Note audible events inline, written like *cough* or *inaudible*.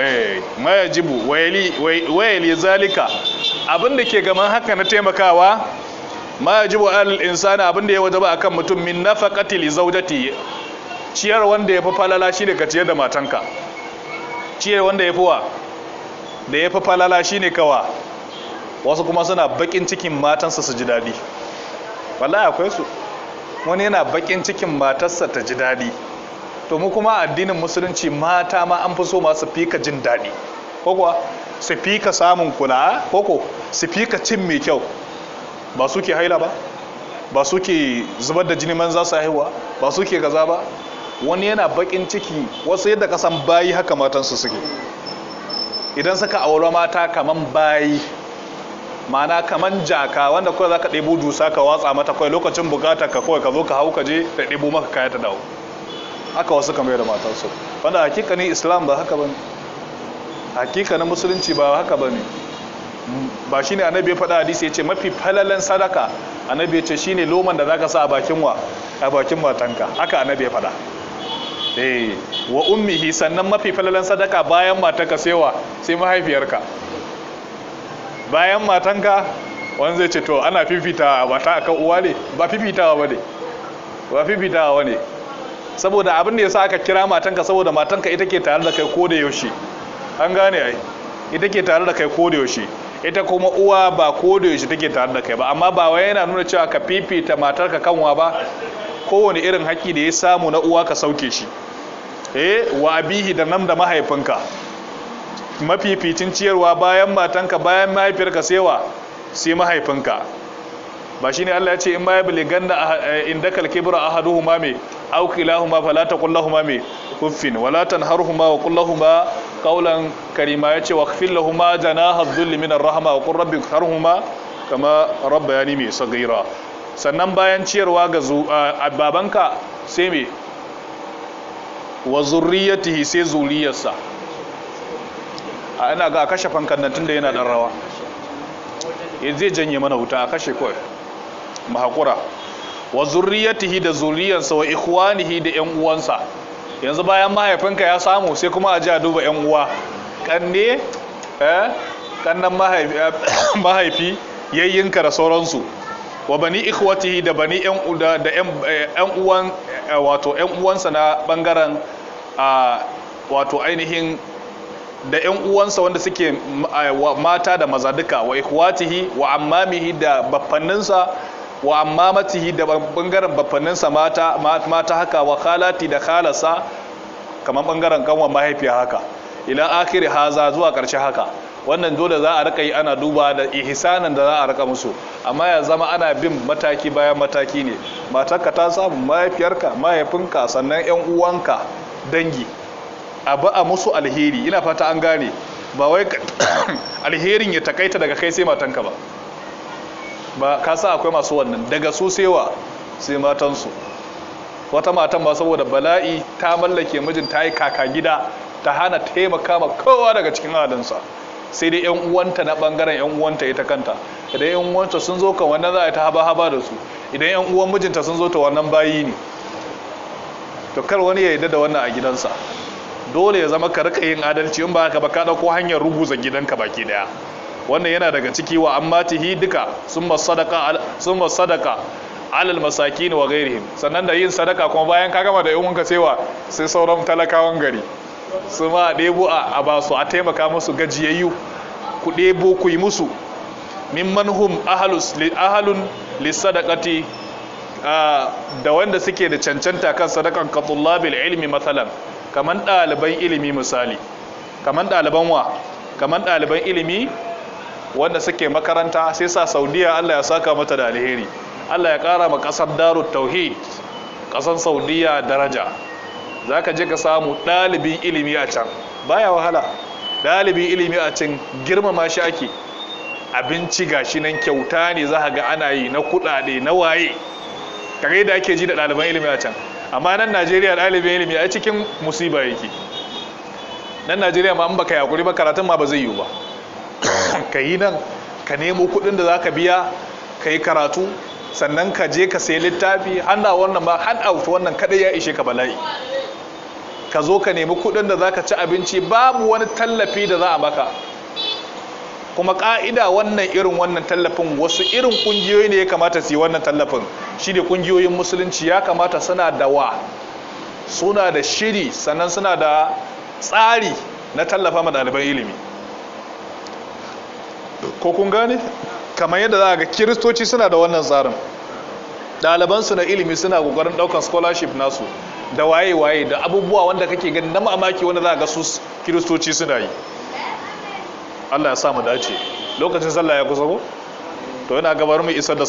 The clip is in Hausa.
eh mayajibu wayali zalika abin da ke gaman haka na taimakawa mayajibu al insani abin da ya wajaba akan mutum min nafaqati li zawjati ciyar wanda ya fi falala shi ne ka ciyar da matanka ciyar wanda ya fi wa da ya fi falala shi ne kawa wasu kuma suna bakin cikin matansa su ji daɗi wallahi akwai su wani yana bakin cikin matarsa ta ji daɗi to mu kuma addinin musulunci mata ma an fi so ma su fika jin daɗi ko kuwa su fika samun kula ko su fika cin mai kyau ba su ke haila ba ba su ke zubar da jini man za su haihuwa ba su ke gaza ba wani yana bakin ciki wasu yadda kasan bayi haka matansu suke idan suka aure mata kaman bayi mana kaman jaka wanda kawai za ka ɗebo dusa ka watsa mata kawai lokacin bukata ka kawai ka zo ka hau ka je da ɗebo maka kaya ta dawo haka wasu kamar da matarsu wanda hakikanin islam ba haka ba ne hakikanin musulunci ba haka ba ne ba shi ne annabi ya faɗa hadisi ya ce mafi falalen sadaka annabi ya ce shi ne loman da za ka sa a bakin wa a bakin matanka haka annabi ya faɗa eh wa ummihi sannan mafi falalen sadaka bayan matanka sai sai mahaifiyarka bayan matanka wani zai ce to ana fifita mata akan uwa ne ba fifitawa ba ne ba fifitawa ne saboda abin da ya sa aka kira matanka saboda matanka ita ke tare da kai ko da yaushe an gane ai ita ke tare da kai ko da yaushe ita kuma uwa ba ko da yaushe take tare da kai ba amma ba wai yana nuna cewa ka fifita matarka kanwa ba kowane irin haƙƙi da ya samu na uwa ka sauke shi E, wa abihi da nam da mahaifinka mafificin ciyarwa bayan matanka bayan mahaifiyarka sewa sai mahaifinka ba shine Allah ya ce in ma yabli ganna eh, indakal kibra ahaduhuma me aw kilahuma fala taqul mai me Walatan wala wa qul lahumā qawlan karima yace wa khfil lahumā janaha adh-dhulli min ar wa qur rabbi ya kama rabbayani me sannan bayan ciyarwa ga babanka sai me wa zurriyatihi sai zuriyarsa a ina ga kashe fankan nan tunda yana dan rawa zai janye mana wuta a kashe kawai mahakura wa zurriyatihi da zurriyarsa wa ikhwanihi da yan uwansa yanzu bayan mahaifinka ya samu sai kuma a ji a duba yan uwa kanne eh kannan eh, *coughs* mahaifi yayyinka da sauransu wa bani ikhwatihi da bani yan uda da yan eh, uwan eh, wato yan uwansa na bangaren a wato ainihin da yan uwansa wanda suke mata da maza duka wa ikhwatihi wa ammamihi da baffanninsa wa amma matihi da bangaren bafaninsa mata mata haka wa khalati da khalasa kamar bangaren kanwa mahaifiya haka ila akhir haza zuwa karshe haka wannan dole za a rika yi ana duba da ihsanan da za a rika musu amma ya zama ana bin mataki bayan mataki ne matarka ta samu mahaifiyarka mahaifinka sannan yan uwanka dangi abu a musu alheri ina fata an gane ba wai *coughs* alherin ya takaita daga kai sai matanka ba ba ka sa akwai masu wannan daga su sewa sai matansu wata matan ba saboda bala'i ta mallake mijin ta yi kaka gida ta hana taimaka ma kowa daga cikin halinsa sai dai yan uwanta na bangaren yan uwanta ita kanta idan yan uwanta sun zo kan wannan za a ta haba haba da su idan yan uwan mijinta sun zo ta wannan bayi ne to kar wani ya yarda da wannan a gidansa dole ya zama ka rika yin adalci in ba ka ba ka dauko hanyar rubuza gidanka baki daya wannan yana daga ciki wa amma tihi duka sun ba sadaka alal alal masakin wa gairi sannan da yin sadaka kuma bayan ka gama da yan wanka cewa sai sauran talakawan gari su ma a ɗebo a basu a taimaka musu gajiyayyu ku ɗebo ku yi musu min hum ahalun lissadakati da wanda suke da cancanta kan sadakan katullabil ilmi matsalan kamar ɗaliban ilimi misali kamar ɗaliban wa kamar ɗaliban ilimi wanda suke makaranta sai sa saudiya allah ya saka mata da alheri allah ya kara ma kasar daru tauhid kasar saudiya daraja za ka je ka samu ɗalibin ilimi a can baya wahala ɗalibin ilimi a can girmama shi ake abinci gashi nan kyauta ne za ga ana yi na kuɗaɗe na waye kare da ake ji da ɗaliban ilimi a can amma nan najeriya ɗalibin ilimi a cikin musiba yake nan najeriya ma an baka yakuri ba karatun ma ba zai yiwu ba *coughs* ka yi nan ka nemo kuɗin da za ka biya ka yi karatu sannan ka je ka sayi littafi hana wannan ma hand out wannan kadai ya ishe ka bala'i ka zo ka nemi kuɗin da za ka ci abinci babu wani tallafi da za a maka kuma ka'ida wannan irin wannan tallafin wasu irin kungiyoyi ne ya kamata su yi wannan tallafin shi ne kungiyoyin musulunci ya kamata suna da wa suna da shiri sannan suna da tsari na tallafa ma ɗaliban ilimi ko kun gane kamar yadda za ga kiristoci suna da wannan tsarin ɗalibansu na ilimi suna ƙoƙarin ɗaukar scholarship nasu da waye-waye da abubuwa wanda kake gani na mamaki wanda za ga su kiristoci suna yi allah ya sa mu dace lokacin sallah ya kusa ko to yana gabar mu isar da